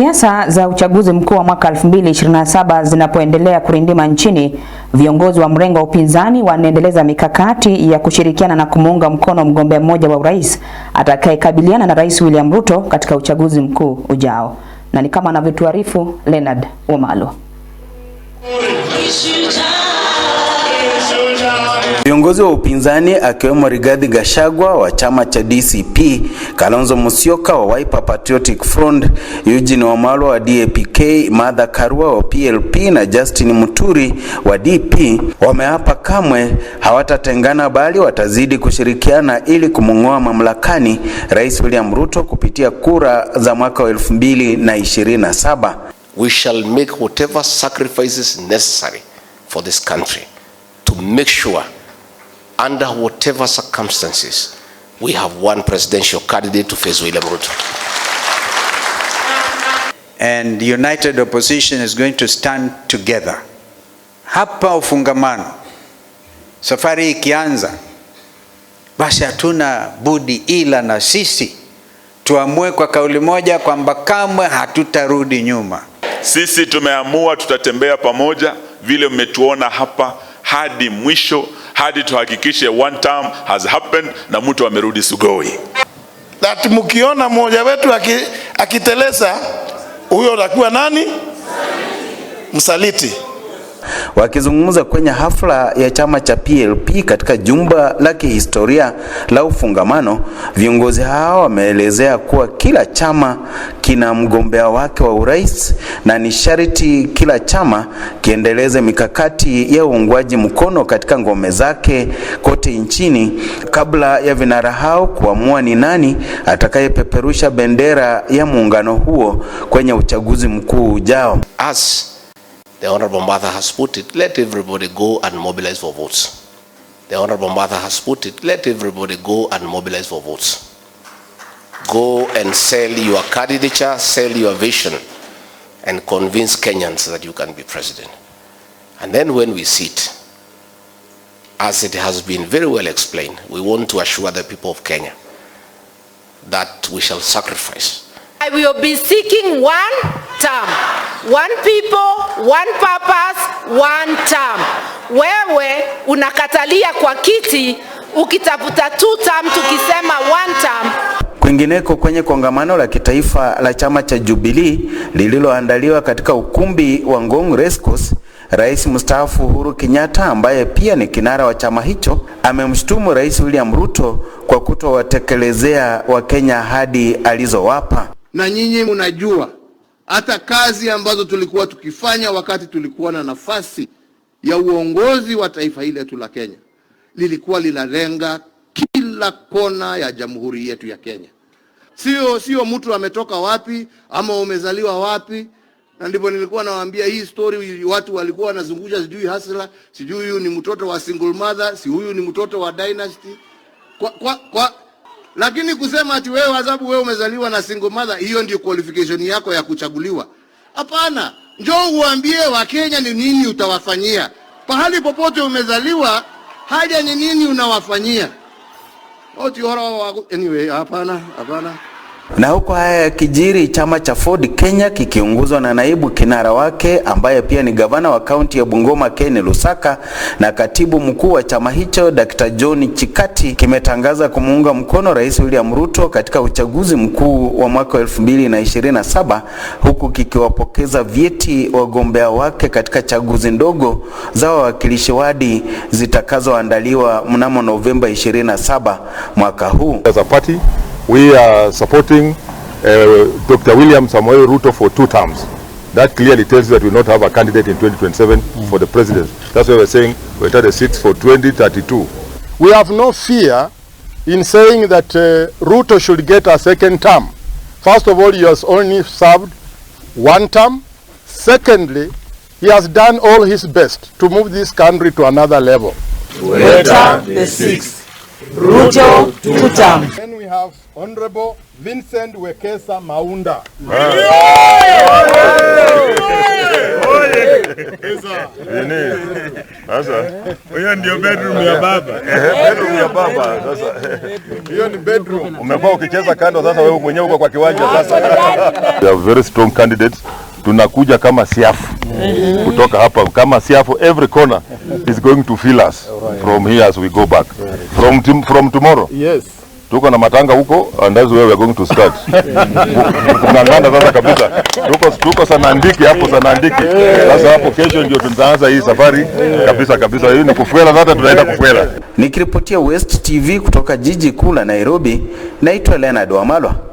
Siasa za uchaguzi mkuu wa mwaka 2027 zinapoendelea kurindima nchini, viongozi wa mrengo wa upinzani wanaendeleza mikakati ya kushirikiana na kumuunga mkono mgombea mmoja wa urais atakayekabiliana na Rais William Ruto katika uchaguzi mkuu ujao, na ni kama anavyotuarifu Leonard Omalo. Viongozi wa upinzani akiwemo Rigathi Gachagua wa chama cha DCP, Kalonzo Musyoka wa Wiper Patriotic Front, Eugene Wamalwa wa DAPK, Martha Karua wa PLP na Justin Muturi wa DP wameapa kamwe hawatatengana bali watazidi kushirikiana ili kumng'oa mamlakani Rais William Ruto kupitia kura za mwaka wa 2027. We shall make whatever sacrifices necessary for this country to make sure under whatever circumstances, we have one presidential candidate to face William Ruto. And the united opposition is going to stand together. Hapa ufungamano. Safari ikianza basi hatuna budi ila na sisi tuamue kwa kauli moja kwamba kamwe hatutarudi nyuma. Sisi tumeamua tutatembea pamoja, vile mmetuona hapa hadi mwisho hadi tuhakikishe one term has happened na mtu amerudi Sugoi. That mkiona mmoja wetu akiteleza, huyo atakuwa nani? Msaliti. Wakizungumza kwenye hafla ya chama cha PLP katika jumba la kihistoria la Ufungamano, viongozi hao wameelezea kuwa kila chama kina mgombea wake wa urais na ni sharti kila chama kiendeleze mikakati ya uungwaji mkono katika ngome zake kote nchini kabla ya vinara hao kuamua ni nani atakayepeperusha bendera ya muungano huo kwenye uchaguzi mkuu ujao. As The Honorable Mother has put it, let everybody go and mobilize for votes. The Honorable Mother has put it, let everybody go and mobilize for votes. Go and sell your candidature, sell your vision, and convince Kenyans that you can be president. And then when we sit, as it has been very well explained, we want to assure the people of Kenya that we shall sacrifice I will be seeking one term. One people, one purpose, one term. Wewe unakatalia kwa kiti ukitafuta two term tukisema one term. Kwingineko kwenye kongamano la kitaifa la chama cha Jubilee lililoandaliwa katika ukumbi wa Ngong Racecourse, Rais mstaafu Uhuru Kenyatta ambaye pia ni kinara wa chama hicho amemshutumu Rais William Ruto kwa kutowatekelezea Wakenya ahadi alizowapa na nyinyi mnajua hata kazi ambazo tulikuwa tukifanya wakati tulikuwa na nafasi ya uongozi wa taifa hili letu la Kenya lilikuwa linalenga kila kona ya jamhuri yetu ya Kenya. Sio, sio mtu ametoka wapi ama umezaliwa wapi. Na ndipo nilikuwa nawaambia hii story, watu walikuwa wanazungusha, sijui hasla, sijui huyu ni mtoto wa single mother, si huyu ni mtoto wa dynasty. Kwa, kwa, kwa, lakini kusema ati wewe adhabu, wewe umezaliwa na single mother, hiyo ndio qualification yako ya kuchaguliwa? Hapana, njoo uambie Wakenya ni nini utawafanyia. Pahali popote umezaliwa, haja ni nini unawafanyia. Anyway, hapana, hapana. Na huko haya ya kijiri chama cha Ford Kenya kikiongozwa na naibu kinara wake ambaye pia ni gavana wa kaunti ya Bungoma Ken Lusaka na katibu mkuu wa chama hicho Dr. John Chikati kimetangaza kumuunga mkono Rais William Ruto katika uchaguzi mkuu wa mwaka 2027 huku kikiwapokeza vyeti wagombea wake katika chaguzi ndogo za wawakilishi wadi zitakazoandaliwa mnamo Novemba 27 mwaka huu. As a party we are supporting uh, Dr. William Samuel Ruto for two terms. That clearly tells you that we not have a candidate in 2027 mm. for the president. That's why we're saying we're 36 for 2032. We have no fear in saying that uh, Ruto should get a second term. First of all, he has only served one term. Secondly, he has done all his best to move this country to another level. Ruto the sixth. Ruto two terms. have Honorable Vincent Wekesa Maunda. Sasa hiyo ndio bedroom ya baba. Bedroom ya baba. Sasa hiyo ni bedroom. Umekuwa ukicheza kando, sasa wewe mwenyewe uko kwa kiwanja sasa. They are very strong candidates. Tunakuja kama siafu mhm. kutoka hapa kama siafu, every corner is going to fill us from here as we go back from, from tomorrow yes tuko na matanga huko and that's where we are going to start. Tunangana sasa kabisa, tuko tuko sanandiki hapo, sanandiki sasa hapo. Kesho ndio tutaanza hii safari kabisa kabisa, hii ni kufuela sasa, tunaenda kufuela. Nikiripotia West TV kutoka jiji kuu la Nairobi, naitwa Leonard Wamalwa.